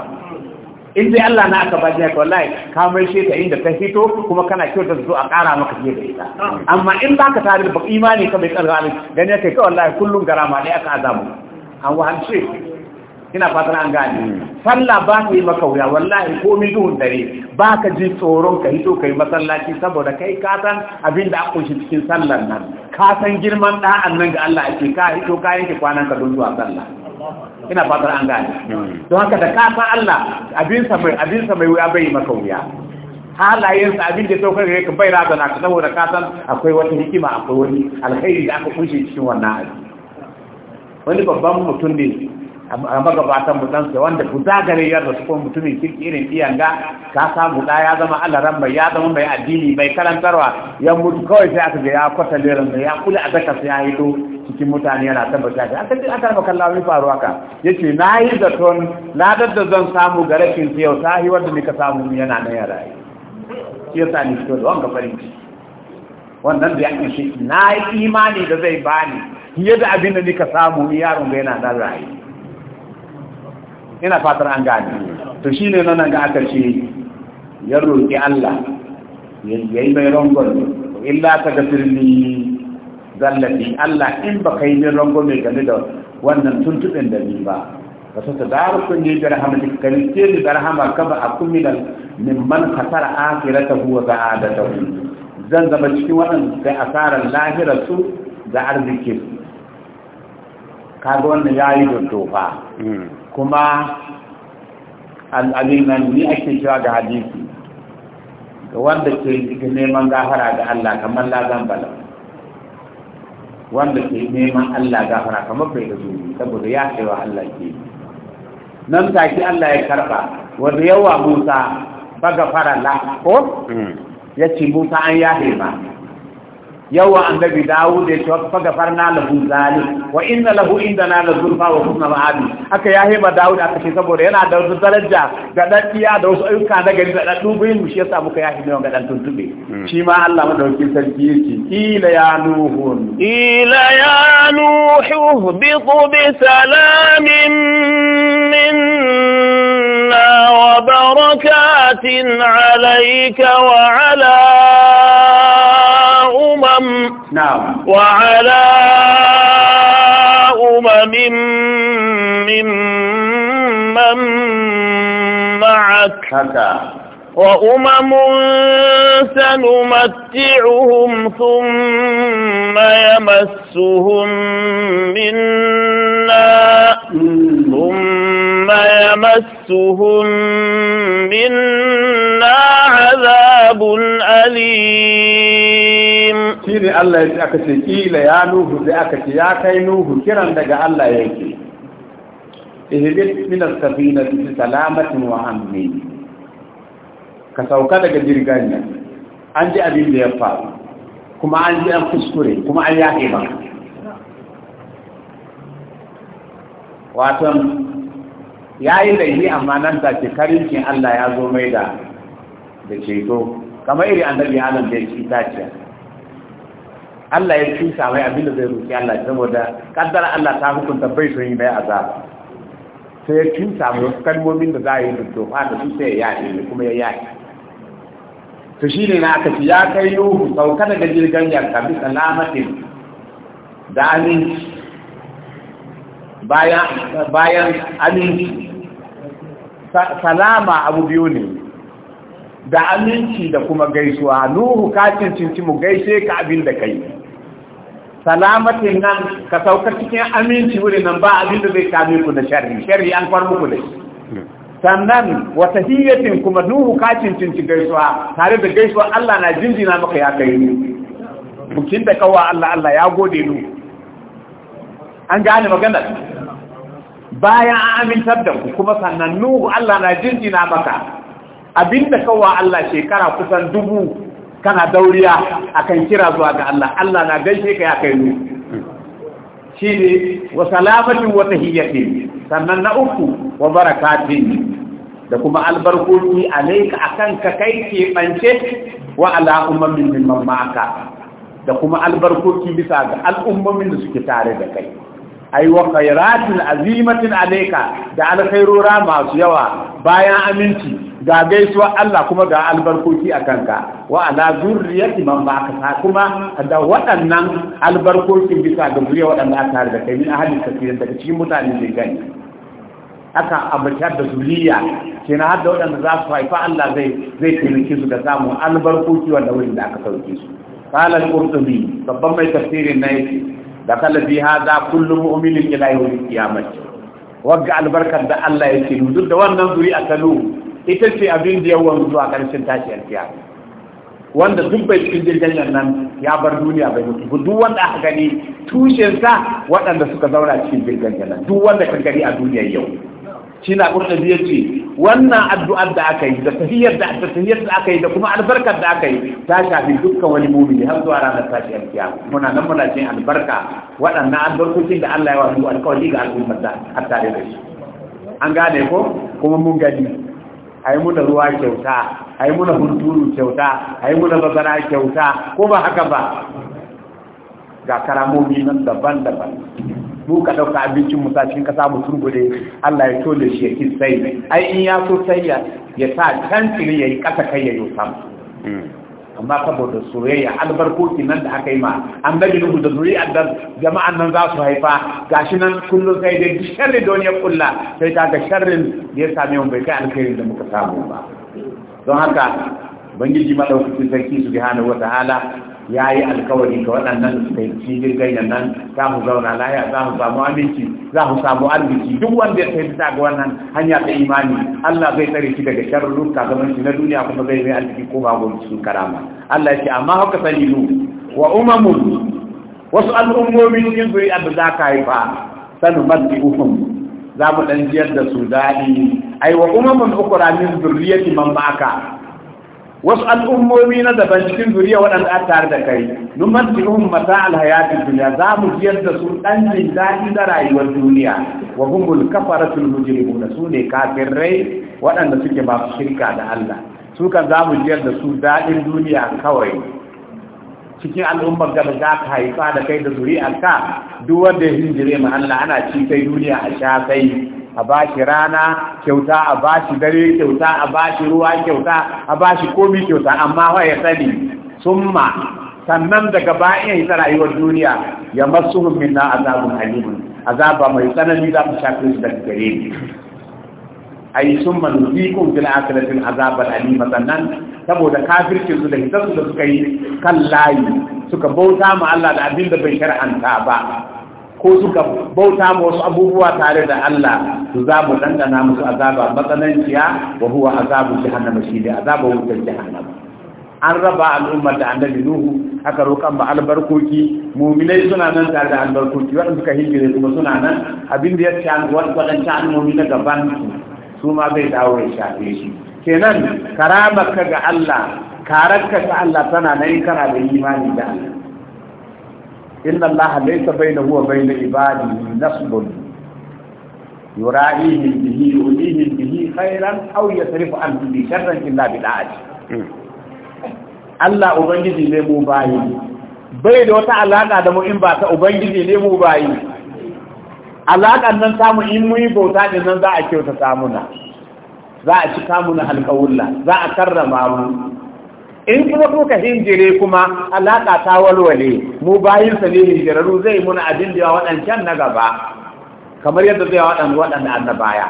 in dai Allah na aka baje ta wallahi ka mai she ta inda ta fito kuma kana kyautar zo a ƙara maka fiye da ita amma in baka tare da imani ka bai karga ne dan yake kai wallahi kullun garama ne aka azamu an wahalce ina fatan an gane sallah ba ta yi maka wuya wallahi komai duhun dare ba ka ji tsoron ka hito ka yi masallaci saboda kai ka san abin da aka kunshi cikin sallar nan ka san girman ɗa'an nan ga Allah ake ka hito ka yanke kwanan ka don zuwa sallah ina fatan an gane don haka da ka san Allah abin sa mai abin sa mai wuya bai maka wuya Halayen sa abin da saukar gare ka bai raza na saboda ka san akwai wata hikima akwai wani alkhairi da aka kunshi cikin wannan abu wani babban mutum ne a magabatan mutan sai wanda ku zagare ya rasu kuma mutumin kirki irin iyanga ka samu da ya zama alaran bai ya zama mai addini bai karantarwa ya mutu kawai sai aka ga ya kwata leran ya kula a daka sai ya hito cikin mutane yana tabbata da aka ji aka maka lawi faru haka yace na yi zaton na da zan samu ga sai yau sai wanda nika samu yana nan ya rayu shi yasa ni fito da wanga farin ciki wannan da yake shi na yi imani da zai bani fiye da abin da nika samu yaron ga yana nan rayu ina fatar an gane to shi ne nan da aka ce ya roƙi Allah ya yi mai rangon illa ta gafirni zallafi Allah in ba ka yi mai rangon mai gari da wannan tuntuɗin da ni ba ka so ta daru kun yi da rahama da ka rike ni da rahama ka ba a kumilan min man kasara akirata huwa ga adatahu zan zama cikin waɗanda sai asarar su da arzikinsu kaga wannan yi da tofa hmm. kuma al'aliman ni ake cewa ga hadisi ga wanda ke neman gafara ga Allah kamar lazan bala wanda ke neman Allah gafara kamar bai da zuri saboda ya wa Allah ke nan take Allah ya karba wanda yawa Musa ba gafara la ko hmm. ya ce Musa an yahe ma يوى أن نبي داود فقفرنا له ذلك وإن له عندنا لزلفا وحسن معادي أكا يا هيبا داود أكا شيء سبور ينا داود الدرجة قدت يا داود سأيو كان دقل لتوبين مشي سابو كيا هيبا يوم قدت تنتبه شما الله مدعو كي سلسيتي إيلا يا نوح إيلا يا نوح اهبط بسلام من وبركات عليك وعلى أمم نعم وعلى أمم ممن من معك وأمم سنمتعهم ثم يمسهم منا ثم يمسهم منا عذاب أليم shi ne Allah ya ce aka ce kila ya nuhu sai aka ce ya kai nuhu kiran daga Allah ya ce ihibit min as na bi salamatin wa ne. ka sauka daga jirgin nan an ji abin da ya faru kuma an ji an kuskure kuma an ya ba waton ya yi laifi amma nan ta ce karinkin Allah ya zo mai da ceto kamar iri dabi Adam da ya ci taciya Allah ya sa mai abin da zai roƙi Allah saboda kaddara Allah ta hukunta bai son yi bai azaba sai ya cuta mai kalmomin da za a yi da tofa da su sai ya yaƙi kuma ya yaƙi to shi ne na aka ci ya kai yohu sauka daga jirgin yanka bi salamatin da aminci bayan aminci salama abu biyu ne da aminci da kuma gaisuwa nuhu kacin cinci mu gaishe ka abin da kai salamatin nan ka saukar cikin aminci wurin nan ba abin da zai kame ku da sharri sharri an far muku da shi sannan wata hiyatin kuma nuhu ka cincinci gaisuwa tare da gaisuwa Allah na jinjina maka ya kai ni bukin da kawo Allah Allah ya gode ni an gane magana bayan an amintar da ku kuma sannan nuhu Allah na jinjina maka Abin da kawo Allah shekara kusan dubu kana dauriya akan kira zuwa ga Allah Allah na gaishe ka ya kai nu shine wa salamatin wa tahiyyatin sannan na uku wa barakatin da kuma albarkoki alayka akan ka kai ke bance wa ala ummin mamaka da kuma albarkoki bisa ga al'ummomin da suke tare da kai ai wa khairatin azimatin alayka da alkhairura masu yawa bayan aminci ga gaisuwa Allah kuma ga albarkoki a kanka wa ala zurriyati man ba'aka kuma da waɗannan albarkokin bisa ga zuriya waɗanda aka tare da kai min ahli kafirin daga cikin mutane ne gani aka ambata da zuriya kenan har da waɗanda za su haifa Allah zai zai taimake su da samun albarkoki wanda wurin da aka sauke su qala al-qurtubi babban mai tafsirin na yake da kala bi hada kullu mu'minin ila yawm al-qiyamah wagga albarkar da Allah yake duk da wannan zuri'a a salo. ita ce abin da yawan zuwa ƙarshen tashi alfiya wanda duk bai cikin jirgin nan ya bar duniya bai mutu duk wanda aka gani tushensa waɗanda suka zauna cikin jirgin nan duk wanda ka gani a duniya yau shi na ƙurɗa biyar ce wannan addu'ar da aka yi da tafiyar da yi da aka yi da kuma albarkar da aka yi ta shafi dukkan wani mumi har zuwa ranar tashi alfiya muna nan muna cin albarka waɗannan albarkokin da Allah ya wa alƙawari ga al'ummar da har tare da shi an gane ko kuma mun gani ai muna ruwa kyauta ai muna hunturu kyauta ai muna bazara kyauta ko ba haka ba ga karamomi nan daban-daban mu ka ɗauka abincin mu sashin ka samu turbude Allah ya tole shi ya ki sai ai in ya so sai ya sa can tsiri ya yi kai ya yi sama hmm. amma saboda soyayya albarkoki nan da aka yi ma an gaji nuhu da a da jama'an nan za su haifa gashi nan kullum sai dai sharri da wani ya kulla sai ta ga sharrin da ya same mu bai kai alkhairi da muka samu ba don haka bangiji madaukakin sarki subhanahu hala. ya yi alkawari ga waɗannan da ci jirgin nan za mu zauna laya za mu samu aminci za mu samu arziki duk wanda ya sai ta ga wannan hanya ta imani Allah zai tsare shi daga sharruka zaman shi na duniya kuma zai mai arziki ko ba gobe su karama Allah ya ce amma haka sani nu wa umamu wasu al'ummomi cikin zuri abu za ka yi fa sanu mazi uhun za mu ɗan jiyar da su daɗi ai wa umamun ukura min zurriyati man ma'aka wasu al'ummomi na daban cikin zuriya waɗanda a tare da kai numan tihun mata alhayatin duniya za mu jiyar da su ɗan jin daɗi na rayuwar duniya wa humul kafara tulmujrimu da su ne kafirai waɗanda suke masu shirka da Allah su kan za mu jiyar da su daɗin duniya kawai cikin al'ummar da za ka haifa da kai da zuri ka duk wanda ya hinjire ma Allah ana ci kai duniya a sha kai a bashi rana kyauta a bashi dare kyauta a bashi ruwa kyauta a bashi komi kyauta amma wa ya sani summa sannan daga bayan ita rayuwar duniya ya masu minna azabun alimun azaba mai tsanani za mu shafe su daga gare ni ai sun manfikun fil akhiratin azabal alim sannan saboda kafircin su da hitarsu da suka yi kan layi suka bauta ma Allah da abin da bai shar'anta ba ko suka bauta ma wasu abubuwa tare da Allah su za mu dangana musu azaba matsananciya wa huwa azabu jahannama shi ne azabu wutar jahannama an raba al'ummar da annabi nuhu aka roƙan ba albarkoki muminai suna nan tare da albarkoki waɗanda suka hijire kuma suna nan abin da ya ci an waɗanda ci an mumina gaban su su ma zai dawo ya shafe shi kenan karamar ka ga Allah ka ga Allah tana nan kana da imani da Allah inna Allah laysa bainahu wa bain ibadihi nasbun yura'ihi bihi yu'tihim bihi khairan aw yasrifu an bi sharrin illa bi da'ati hmm. Allah ubangiji ne mu bayi bai da wata alaka da mu in ba ta ubangiji ne mu bayi alaƙar nan samu in mu yi bauta ɗin nan za a kyauta samuna za a ci samuna alƙawulla za a karrama mu in kuma kuka hinjire kuma alaƙa ta walwale mu bayin sa ne hinjiraru zai muna abin da waɗancan na gaba kamar yadda zai waɗanda waɗanda an baya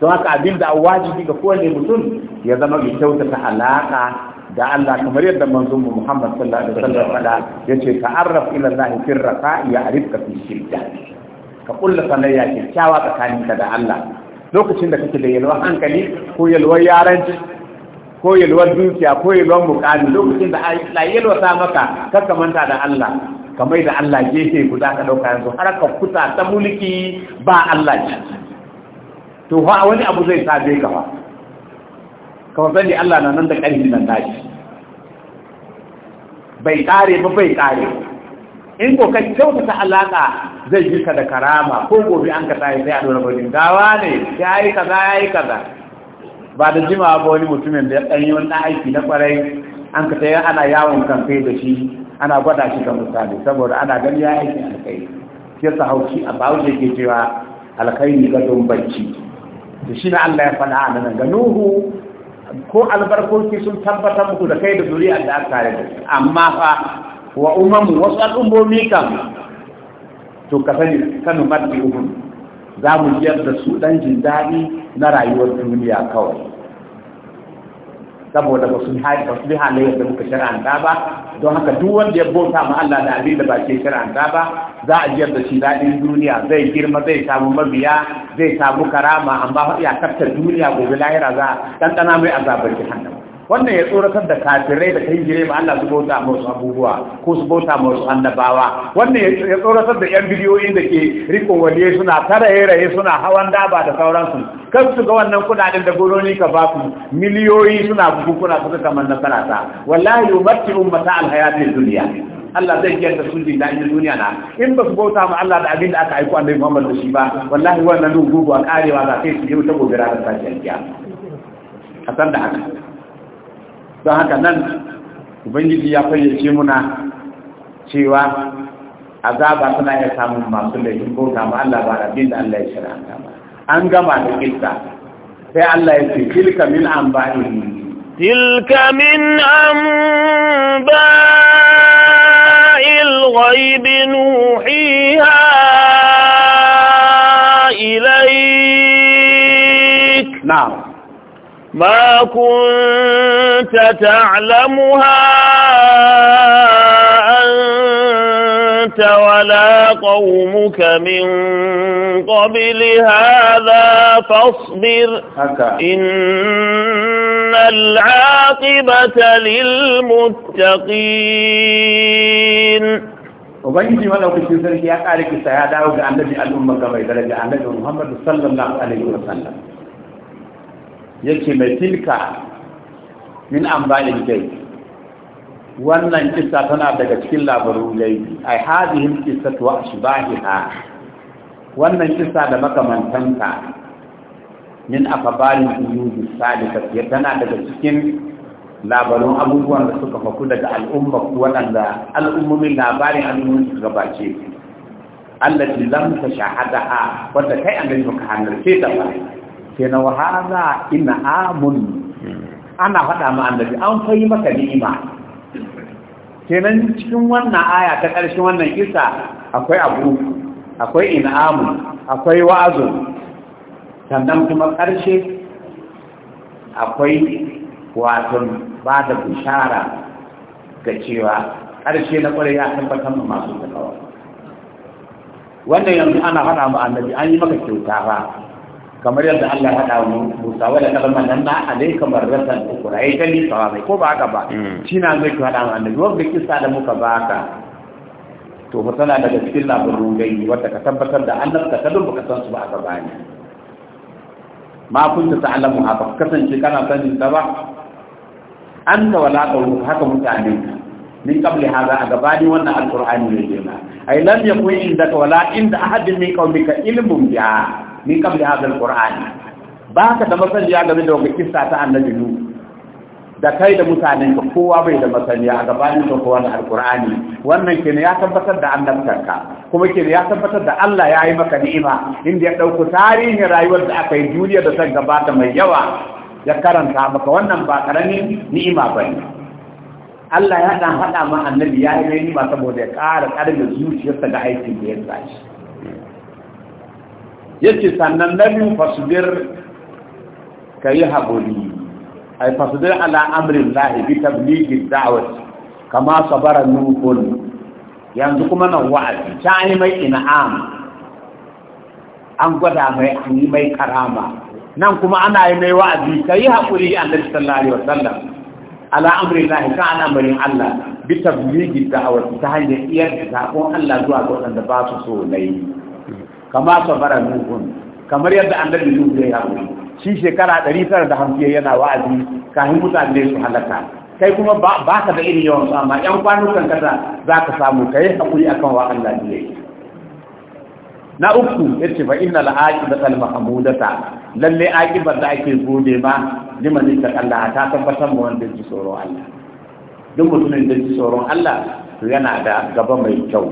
don haka abin da wajibi ga kowane mutum ya zama mai kyautata alaƙa da Allah kamar yadda manzon mu Muhammad sallallahu alaihi wasallam faɗa yace ta'arraf ila Allah fi raqa ya arifka fi shidda ka ƙulla sanayya kyakkyawa ka da Allah lokacin da kake da yalwar hankali ko yalwar yaranci ko yalwar dukiya ko yalwar mukami lokacin da Allah yalwata maka ka manta da Allah ka mai da Allah gefe guda ka dauka yanzu har ka kuta ta mulki ba Allah ce to fa wani abu zai sabe ka fa kamar sani Allah na nan da ƙarfi nan tashi bai ƙare ba bai kare in ko ka ta alaka zai yi ka da karama ko gobe an ka tsaye sai a dora gwajin gawa ne ya yi kaza ya yi kaza ba da jima ba wani mutumin da ya ɗanyi wani aiki na kwarai an ka tsaye ana yawon kamfe da shi ana gwada shi ga mutane saboda ana gani ya aiki kai ke sa hauki a bahaushe ke cewa alkhairi ga don da shi na Allah ya faɗa a nan ga Nuhu ko albarkoki sun tabbatar muku da kai da zuri'ar da aka tare da amma fa wa umamu wasu al'ummomi kan to ka sani kanu matsi uhun za mu jiyar da su ɗan jin daɗi na rayuwar duniya kawai saboda ba su bi halayyar da muka an ba don haka duk wanda ya bauta ma Allah da abin da ba ke an ba za a jiyar da shi daɗin duniya zai girma zai samu mabiya zai samu karama amma ya kafta duniya gobe lahira za a ɗanɗana mai azabar jahannam wannan ya tsoratar da kafirai da kan gire ba Allah su bauta musu abubuwa ko su bauta musu annabawa wannan ya tsoratar da yan bidiyoyin da ke riko waliye suna tara raye suna hawan daba da sauransu kan su ga wannan kudaden da gononi ka ba ku miliyoyi suna kuna suka kamar na sarata wallahi yumatti ummata alhayatil dunya Allah zai yarda su din da duniya na in ba su bauta ma Allah da abin da aka aiko Annabi Muhammad da shi ba wallahi wannan dubu a karewa za ta yi ta gobira da sakiya a san da haka don haka nan ubangiji ya fayyace muna cewa azaba suna iya samun masu laifin bauta ma Allah ba rabin da Allah ya shirya ba an gama da kilta sai Allah ya ce tilka min anba'ihi tilka min anba'il ghaib nuhiha ilayk na'am ما كنت تعلمها أنت ولا قومك من قبل هذا فاصبر إن العاقبة للمتقين وبنتي ولو كنت تسألك يا قارئ السيادة وجعلني الأمة كما يدرج عليه محمد صلى الله عليه وسلم yake mai tilka min amba'il gai wannan kisa tana daga cikin labarun gaibi ai hadihim qissatu wa ashbahiha wannan kisa da makamantanta min akhbarin qulubi salikat ya tana daga cikin labarun abubuwan da suka faku daga al'umma waɗanda al'ummomin labarin al'ummomin allah gabace allati shahada ha wadda kai annabi baka halarce ta ba kena wa hada ina amun ana fada ma annabi an fayi maka ni'ima kenan cikin wannan aya ta ƙarshen wannan isa akwai abu akwai amun akwai wa'azu sannan kuma ƙarshe akwai wato ba da bishara ga cewa ƙarshe na ƙwarai ya tabbatar ma masu takawa wannan yanzu ana fada ma annabi an yi maka kyauta ba kamar yadda Allah ya haɗa mu Musa wala ta kalma nan na alaika marratan ukura ai tani sawabai ko ba haka ba mm. shi na zai haɗa mu annabi wanda kissa da muka baka to fa tana daga cikin labarin gani wanda ka tabbatar da annabta ka dun baka san su ba a gabani ma kunta ta'lamu ha ba kasance kana sanin ta ba anna wala qawlu haka mutane min qabli hadha a wannan alqur'ani ne jema ai lam yakun indaka wala inda ahadin min qawmika ilmun ya min qabli hadha alqur'ani ba ka da masaniya game da wannan kissa ta annabi nu da kai da mutanen ka kowa bai da masaniya a gabanin da kowa wannan kenan ya tabbatar da annabtarka kuma kenan ya tabbatar da Allah ya yi maka ni'ima inda ya dauko tarihin rayuwar da aka yi duniya da san gabata mai yawa ya karanta maka wannan ba karamin ni'ima bane Allah ya dan haɗa ma annabi ya yi ni'ima saboda ya ƙara ƙarfin zuciyarsa ga aikin da ya tsaci yake sannan na biyu fasudir ka yi haƙuri ai fasbir ala amrin lahi bi tablighi da'awar kama sabara nufon yanzu kuma nan wa'azi ta yi mai ina'am an gwada mai an yi mai karama nan kuma ana yi mai wa'azi ka yi haƙuri a sallallahu alaihi wasallam ala amrin lahi kan al'amarin Allah bi tablighi da'awar ta hanyar iyar da sakon Allah zuwa ga wanda ba su so yi kama sabara nuhun kamar yadda annabi nuhu ya yi shi shekara ɗari tara da 950 yana wa'azi kafin mutane su halaka kai kuma ba ka da irin yawan sama. yan kwanukan kaza za ka samu ka yi hakuri akan wa Allah ne na uku ya ce fa inna al-aqibat al-mahmudata lalle aqibar da ake gode ma liman ta a ta tabbatar mu wanda ji tsoron Allah duk mutumin da ji tsoron Allah to yana da gaba mai kyau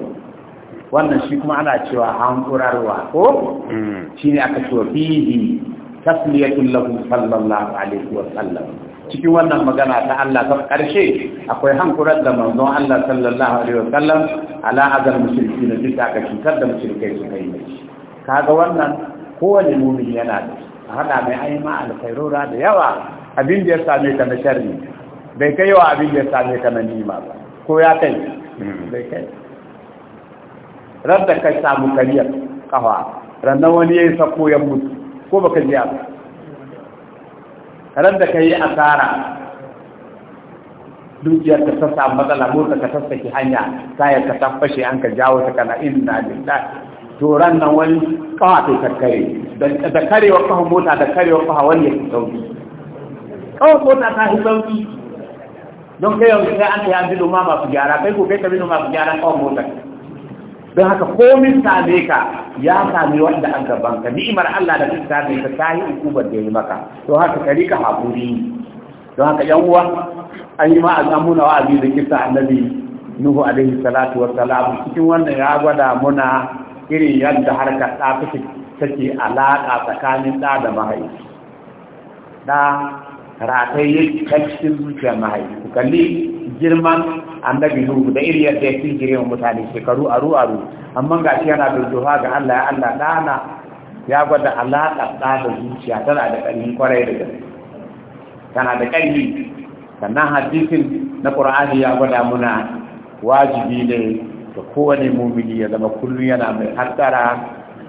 wannan shi kuma ana cewa hankurarwa ko hmm. shi ne aka cewa fihi tasliyatul lahu sallallahu alaihi wa sallam cikin wannan magana ta Allah ta karshe akwai hankurar da manzon Allah sallallahu alaihi wa sallam ala azal mushrikin da duk aka cutar da mushrikai su kai kaga wannan kowane mumin yana da hada mai aima alkhairura da yawa abin da ya same ka na sharri bai kai wa abin da ya same ka na nima ba ko ya kai hmm. bai kai radda kai samu kariyar kawa rannan wani ya yi sako mutu ko baka jiya abu da ka yi asara dukiyar ka ta samu matsala mota ka tattake hanya tayar ka ta an ka jawo ta kana inna lillahi to ran wani kawa sai ta kare da karewa kawa mota da karewa kawa wani ya fi sauki kawa mota ta fi sauki don kai yau sai an kai yi an bi noma masu gyara kai ko kai ta bi noma masu gyara kawa mota don haka komin same ka ya sami wanda an gaban ka ni'imar Allah da kuka same ka ta yi hukumar da ya yi maka don haka ka rika haƙuri don haka yan uwa an yi ma al'amuna wa'azi da kisa annabi nuhu alaihi salatu wa salam cikin wannan ya gwada muna irin yadda harkar ɗa take alaƙa tsakanin ɗa da mahaifi ɗa rataye kacin zuciyar mahaifi ku kalli girman annabi nuhu da iri yadda ya fi mutane shekaru aru aru amma ga shi yana dudduha ga Allah ya Allah dana ya gwada Allah ɗa da zuciya tana da ƙarfi kwarai da gani tana da ƙarfi sannan hadisin na ƙur'ani ya gwada muna wajibi ne ga kowane mumini ya zama kullum yana mai hattara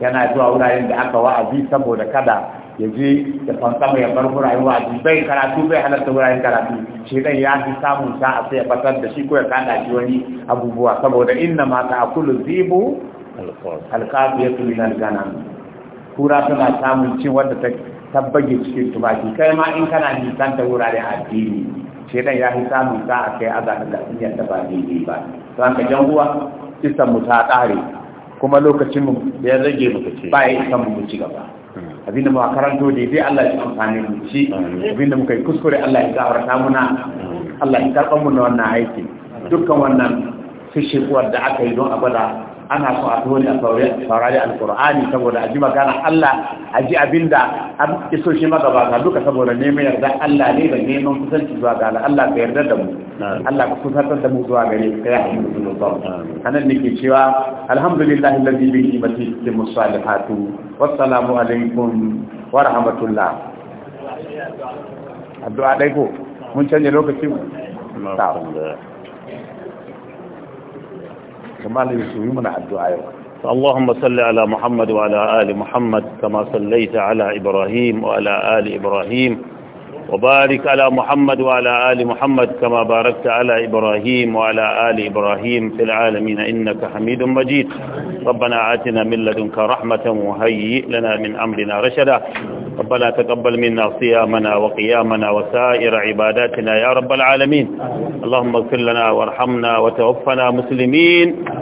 yana zuwa wuraren da aka wa'azi saboda kada ya je da fankama ya bar wuraren wa'azi bai karatu bai halarta wuraren karatu shi dan ya fi samun sa'a sai ya fatar da shi ko ya kada shi wani abubuwa saboda inna ma ta akulu zibu alqafiyatu na gana kura tana samun cin wanda ta tabbage cikin tumaki kai ma in kana nisan ta wuraren addini shi dan ya fi samun sa'a kai azan da sun yadda ba daidai ba to ka jan uwa kisan mu ta kare kuma lokacin mu da ya rage mu ba ya isa mu ci gaba abinda muka karanto da dai Allah ya amfane mu shi abinda muka yi kuskure Allah ya gafarta muna Allah ya karɓa mu na wannan aiki dukkan wannan fishewar da aka yi don a ana so a dole a saurari alkur'ani saboda a ji magana Allah a ji abin da an iso shi magabata duka saboda neman yarda Allah ne da neman kusanci zuwa ga Allah ka yarda da mu Allah ka kusantar da mu zuwa gare ka ya hamdu sallallahu anan nake cewa alhamdulillahi alladhi bi ni'mati tatimmu wa assalamu alaikum wa rahmatullah addu'a dai ko mun canje lokacin mu ta'awun كما يسويمنا الدعاء اللهم صل على محمد وعلى آل محمد كما صليت على إبراهيم وعلى آل إبراهيم وبارك على محمد وعلى آل محمد كما باركت على إبراهيم وعلى آل إبراهيم في العالمين إنك حميد مجيد ربنا آتنا من لدنك رحمة وهيئ لنا من أمرنا رشدا ربنا تقبل منا صيامنا وقيامنا وسائر عباداتنا يا رب العالمين اللهم اغفر لنا وارحمنا وتوفنا مسلمين